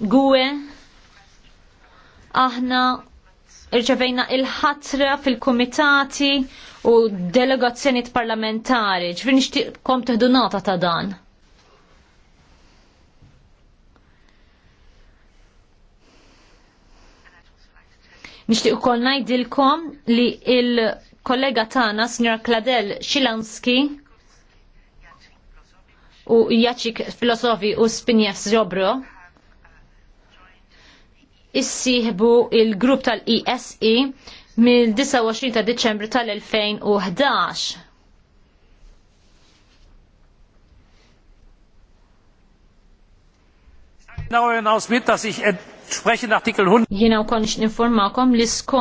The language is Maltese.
Gwe, aħna irċevejna il-ħatra fil-komitati u delegazzjoniet parlamentari. Ġvin nixtiqkom teħdu nota ta' dan. Nixtieq ukoll ngħidilkom li il-kollega tagħna Sinjora Kladel Xilanski u Jaċik Filosofi u Spinjef Zjobro issieħbu il-grupp tal-ESE mill-29 ta' Diċembru tal-2011. Jena u konx informakom li skon